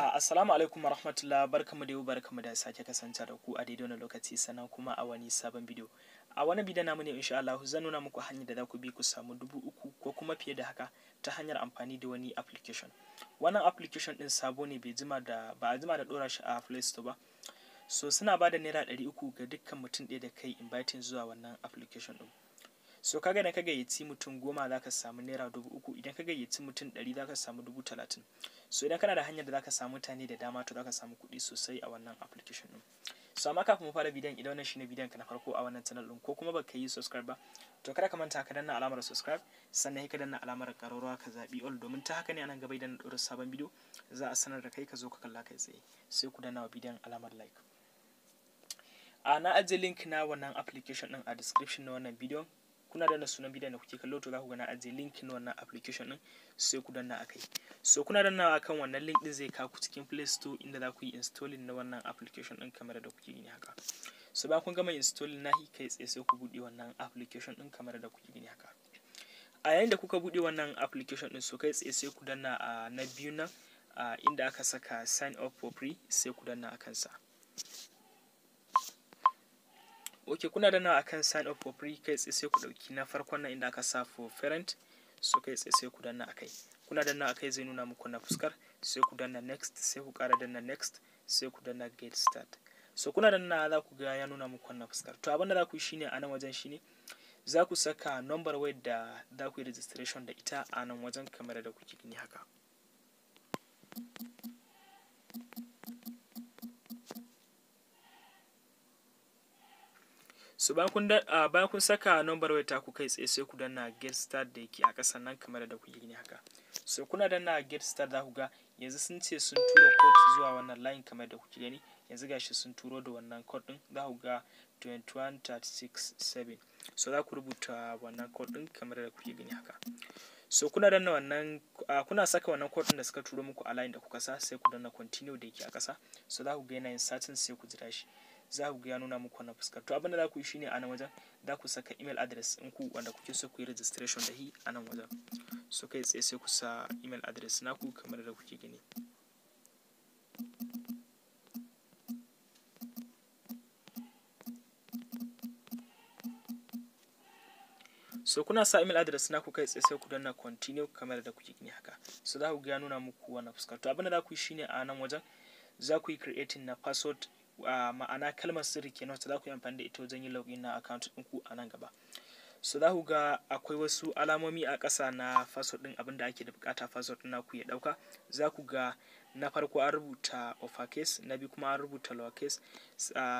Ah, assalamu alaikum warahmatullah barkamu da yau barkamu da sake kasance da ku a daidai wani lokaci sannan kuma a wani sabon bidiyo. A wani bidiyo namu ne insha Allah zan nuna muku hanyar da za ku bi ku samu dubu uku ko kuma fiye da haka ta hanyar amfani da wani application. Wannan application din sabo ne bai jima da ba a jima da dora shi a Play Store ba. So suna ba da naira ɗari uku ga dukkan mutum ɗaya da kai inviting zuwa wannan application ɗin. So kaga da ka gayyaci mutum goma za ka samu naira dubu uku idan ka gayyaci mutum ɗari za ka samu dubu talatin. so idan kana da hanyar da zaka samu mutane da dama to zaka samu kuɗi sosai a wannan application din so amma kafin mu fara bidiyon idan wannan shine bidiyon ka na farko a wannan channel din ko kuma baka yi subscribe ba to kada ka manta ka danna alamar subscribe sannan ka danna alamar ƙararrawa ka zabi all domin ta haka ne anan gaba idan na ɗora sabon bidiyo za a sanar da kai ka zo ka kalla kai tsaye sai ku danna wa bidiyon alamar like a ah, na ajiye link na wannan application din a description na wannan bidiyon kuna nan sunan bidiyon da kuke kallo to za ku gana ajiye link wannan application din sai ku danna akai so kuna danna akan wannan link din zai kaku cikin play store inda za ku yi installing na wannan application din kamar da kuke gani haka so ba kun gama installing nahi kai tsaye sai ku bude wannan application din kamar da kuke gani haka a yayin da kuka bude wannan application din so kai tsaye sai ku danna a ah, na biyu nan ah, inda aka saka sign up for free sai ku danna akan sa ok kuna da nawa akan sign up for free kai tsaye sai ku dauki na farkon nan inda aka sa for parent so kai tsaye sai ku danna akai kuna danna akai zai nuna muku na fuskar sai ku danna next sai ku kara danna next sai ku danna get start so kuna danna za ku ga ya nuna muku na fuskar to abin da za ku yi shine a nan wajen shine za ku saka number way da za ku yi registration da ita a nan wajen kamar da kuke gani haka su bayan kun bayan kun saka number waya ku kai tsaye sai ku danna get start da yake a kasan nan kamar da kuke gani haka so kuna danna get start za ku ga yanzu sun ce sun turo code zuwa wannan line kamar da kuke gani yanzu gashi sun turo da wannan code din za ku ga 21367 so za ku rubuta wannan code din kamar da kuke gani haka so kuna danna wannan uh, kuna saka wannan code da suka turo muku a line da kuka sa sai ku danna continue da yake a kasa so za ku ga yana yin satin sai ku jira shi za ku ya nuna muku wannan fuskar to abin da za ku yi shine a nan wajen za ku saka email address in ku wanda kuke so ku yi registration da shi a nan wajen so kai tsaye sai ku sa email address naku kamar da kuke gani so kuna sa email address na ku kai tsaye sai ku danna continue kamar da kuke gani haka so za ku ga nuna muku wannan fuskar to abin da za ku yi shine a nan wajen za ku yi creating na password ma'ana kalmar sirri kenan sa za ku yi amfani da ita wajen yin login na account dinku a nan gaba so za ku ga akwai wasu alamomi a ƙasa na password ɗin abinda ake da bukata password ɗin naku ya ɗauka za ku ga na farko an rubuta ofakes na biyu kuma an rubuta lowercase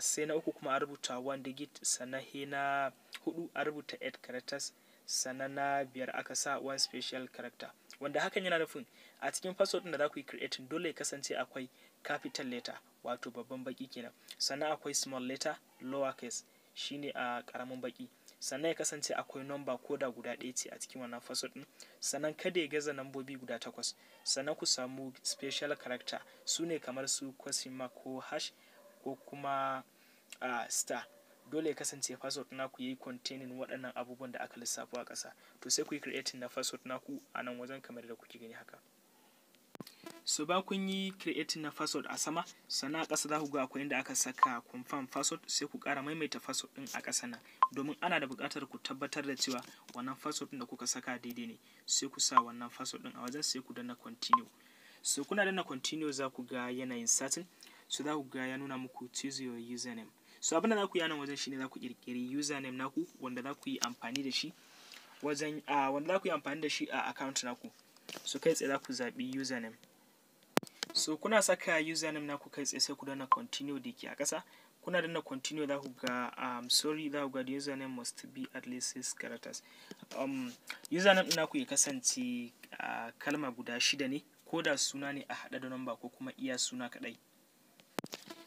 sai na uku kuma an rubuta one digit sannan he na hudu an rubuta eight characters sannan na biyar aka sa one special character wanda hakan yana nufin a cikin password da za ku yi creating dole ya kasance akwai capital letter wato babban baki kenan sannan akwai small letter lower case shine a karamin baki sannan ya kasance akwai number koda guda ɗaya ce a cikin wannan password din sannan kada ya gaza nambobi guda takwas sannan ku samu special character su ne kamar su question mark ko hash ko kuma uh, star dole ya kasance password naku yi containing waɗannan abubuwan da aka lissafo a ƙasa to sai ku yi creating na password naku a nan wajen kamar da kuke gani haka so ba kun yi creating na password a sama sana a ƙasa za ku ga akwai inda aka saka confirm password sai ku ƙara maimaita password ɗin a ƙasa nan domin ana da buƙatar ku tabbatar da cewa wannan password ɗin da kuka saka daidai ne sai ku sa wannan password ɗin a wajen sai ku danna continue so kuna danna continue za ku ga yanayin satin so za ku ga ya nuna muku choose your username so abinda za ku yi nan wajen shine za ku kirkiri username naku wanda za ku yi amfani da shi wajen a wanda za ku yi amfani da shi a account naku so kai tsaye za ku zaɓi username so kuna saka username naku kai tsaye sai ku danna continue da ke a ƙasa kuna danna continue za ku ga um, sorry za ku ga username must be at least six characters um, username ɗin naku ya kasance uh, kalma guda shida ne ko da suna ne a haɗa da namba ko kuma iya suna kaɗai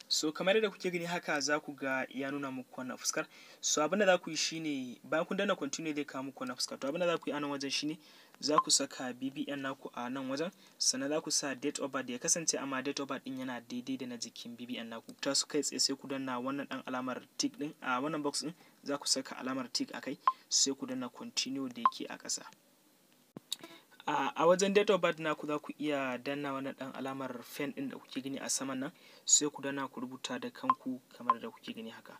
so kamar da kuke gani haka za ku ga ya nuna muku wannan fuskar so abinda za ku yi shine bayan kun danna continue zai kawo muku wannan fuskar to abinda za ku yi a nan wajen shine za ku saka BBN naku a nan wajen sannan za ku sa date of birth ya kasance amma date of birth din yana daidai da na jikin BBN naku ta su kai tsaye sai ku danna wannan dan alamar tick din a wannan box din za ku saka alamar tick akai sai ku danna continue da yake a ƙasa a wajen date of birth naku za ku iya danna wani dan alamar fen din da kuke gani a saman nan sai ku danna ku rubuta da kanku kamar da kuke gini haka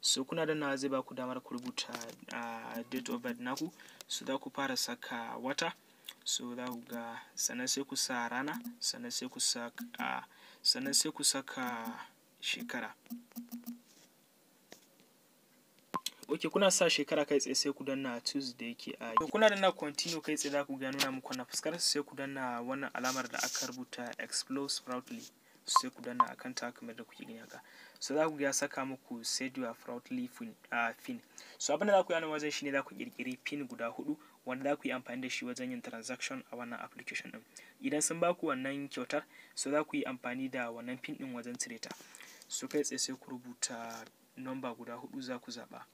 so kuna danna zai ba ku damar ku rubuta a date of birth naku so za ku fara saka wata so za ku ga sannan sai ku sa rana sannan sai ku saka sai ku saka shekara ok kuna sa shekara kai tsaye sai ku danna tuesday da yake a to kuna danna continue kai tsaye za ku ga nuna muku na fuskar sai ku danna wannan alamar da aka rubuta explore proudly sai ku danna akan ta kamar da kuke ganyaka so za ku ga saka muku set your proudly fin fin so abin da za ku yi wajen shine za ku kirkiri pin guda hudu wanda za ku yi amfani da shi wajen yin transaction a wannan application din idan sun baku wannan kyautar so za ku yi amfani da wannan pin din wajen cire ta so kai tsaye sai ku rubuta number guda hudu za ku zaba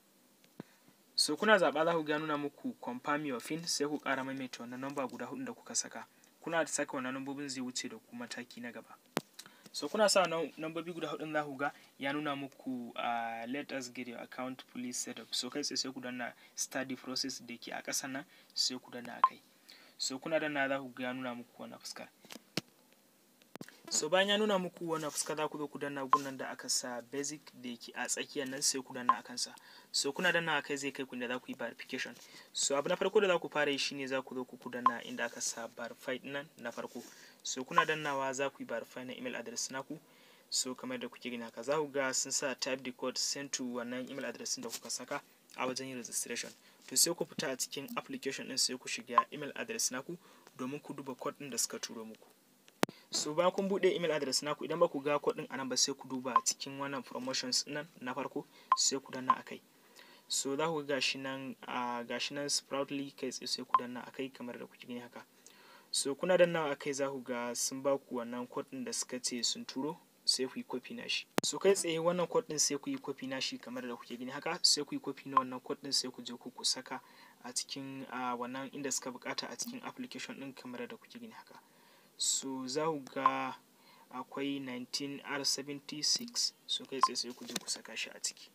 so kuna zaɓa za ku ga nuna muku confirm your sai ku ƙara maimaita wannan namba guda hudu da kuka saka kuna saka wannan nambobin zai wuce da ku mataki na gaba so kuna sa nambobi guda hudun za ku ga ya nuna muku uh, let us get your account please set up so kai sai sai ku danna study process da ke a ƙasa nan sai ku danna akai so kuna danna za ku ga ya nuna muku wannan fuskar so bayan ya nuna muku wannan fuska za ku zo ku danna gunan da aka sa basic da yake a tsakiyar nan sai ku danna a kansa so kuna danna kai zai kai ku inda za ku yi verification so abu na farko da za ku fara yi shine za ku zo ku danna inda aka sa verify nan na farko so kuna dannawa za ku yi verify na email address naku so kamar da kuke gani haka za ku ga sun sa type the code send to wannan email address da kuka saka a wajen yin registration to sai ku fita a cikin application din sai ku shiga email address naku domin ku duba code din da suka turo muku so bayan kun bude email address naku idan ba ku ga code din anan ba sai ku duba cikin wannan promotions nan na farko sai ku danna akai so za ku gashi nan a gashi nan sproutly kai tsaye sai ku danna akai kamar da kuke gani haka so kuna danna akai za ku ga sun ba ku wannan code din da suka ce sun turo sai ku yi copy na shi so kai tsaye wannan code din sai ku yi copy na shi kamar da kuke gani haka sai ku yi copy na wannan code din sai ku je ku saka a cikin wannan inda suka bukata a cikin application din kamar da kuke gani haka su za ga akwai 19r76 su kai tsaye sai ku je ku saka shi a ciki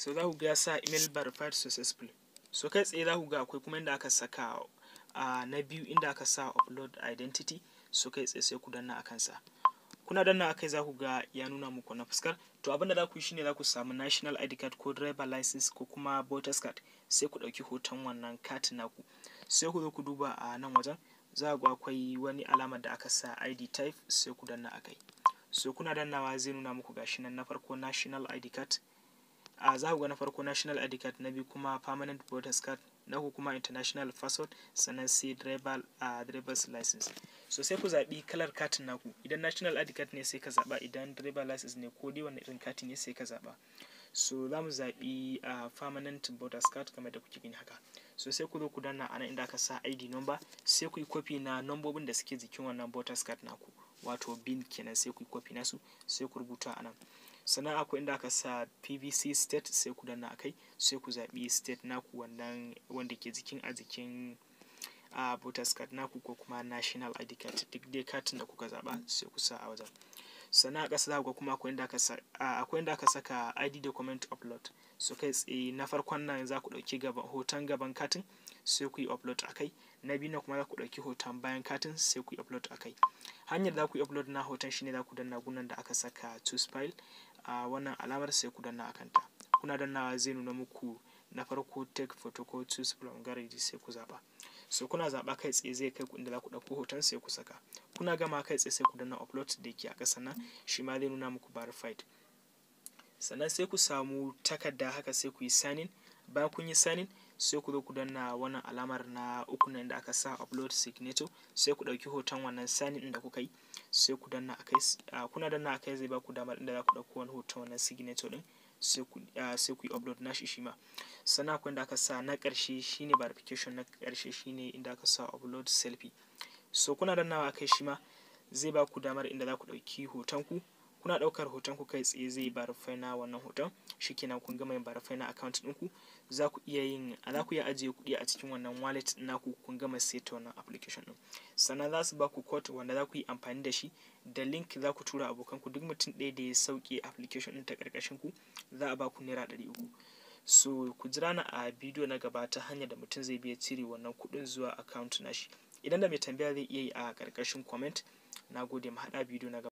so za ku ga sa email verified successful so kai tsaye za ku ga akwai kuma inda aka saka ah, na biyu inda aka sa upload identity so kai tsaye sai ku danna a kansa kuna danna akai za ku ga ya nuna muku na fuskar to abin da za ku yi shine za ku samu national id card ko driver license ko kuma voters card sai ku ɗauki hoton wannan kat naku sai ku zo ku duba a nan wajen za ku akwai wani alamar da aka sa id type sai ku danna akai so kuna dannawa zai nuna muku gashi nan na farko national id card a za ku ga na farko national id card na biyu kuma permanent voters card na uku kuma international passport sannan sai driver a driver's license so sai ku zaɓi kalar katin naku idan national id card ne sai ka zaɓa idan driver license ne ko dai wani irin kati ne sai ka zaɓa so za mu zaɓi a permanent voters card kamar da kuke gani haka so sai ku zo ku danna anan inda aka sa id number sai ku yi copy na nambobin da suke jikin wannan voters card naku wato bin kenan sai ku yi copy nasu sai ku rubuta anan sannan akwai inda aka sa pvc state sai ku danna akai sai ku zaɓi state naku wannan wanda ke jikin a jikin a voters card naku ko kuma national id card duk dai katin da kuka zaɓa sai ku sa a wajen sannan a ƙasa za ku kuma akwai inda aka saka id document upload so kai tsaye na farkon nan za ku ɗauki hoton gaban katin sai ku yi upload a kai na biyu na kuma za ku ɗauki hoton bayan katin sai ku yi upload a kai hanyar da za ku yi upload na hoton shine za ku danna gunan da aka saka choose file a wannan alamar sai ku danna a kanta kuna dannawa zai nuna muku na farko take ko choose from gallery sai ku zaba so kuna zaba kai tsaye zai kai ku inda za ku ɗauko hoton sai ku saka kuna gama kai tsaye sai ku danna upload da yake a ƙasa nan shi ma zai nuna muku verified sannan sai ku samu takarda haka sai ku yi sign in bayan kun yi sign sai ku zo ku danna wannan alamar na uku nan da aka sa upload signature sai ku ɗauki hoton wannan sign in da kuka yi sai ku danna akai kuna danna akai zai ba ku damar inda za ku dauko wani hoton wannan signature din sai ku yi upload nashi shi ma sannan akwai inda aka sa na ƙarshe shine verification na ƙarshe shine inda aka sa upload selfie so kuna dannawa akai shi ma zai ba ku damar inda za ku ɗauki hoton ku kuna daukar hoton ku kai tsaye zai barafai na wannan hoton shikenan kun gama yin barafai na account ɗinku za ku iya yin za ku iya ajiye kuɗi a cikin wannan wallet naku kun gama set wannan application ɗin sannan za su ba ku code wanda za ku yi amfani da shi da link za ku tura abokan ku duk mutum ɗaya da ya sauke application ɗin ta karkashin ku za a ba ku naira ɗari uku so ku jira na a bidiyo na gaba ta hanyar da mutum zai biya cire wannan kuɗin zuwa account shi idan da mai tambaya zai iya yi a ƙarƙashin comment na gode mu haɗa bidiyo na gaba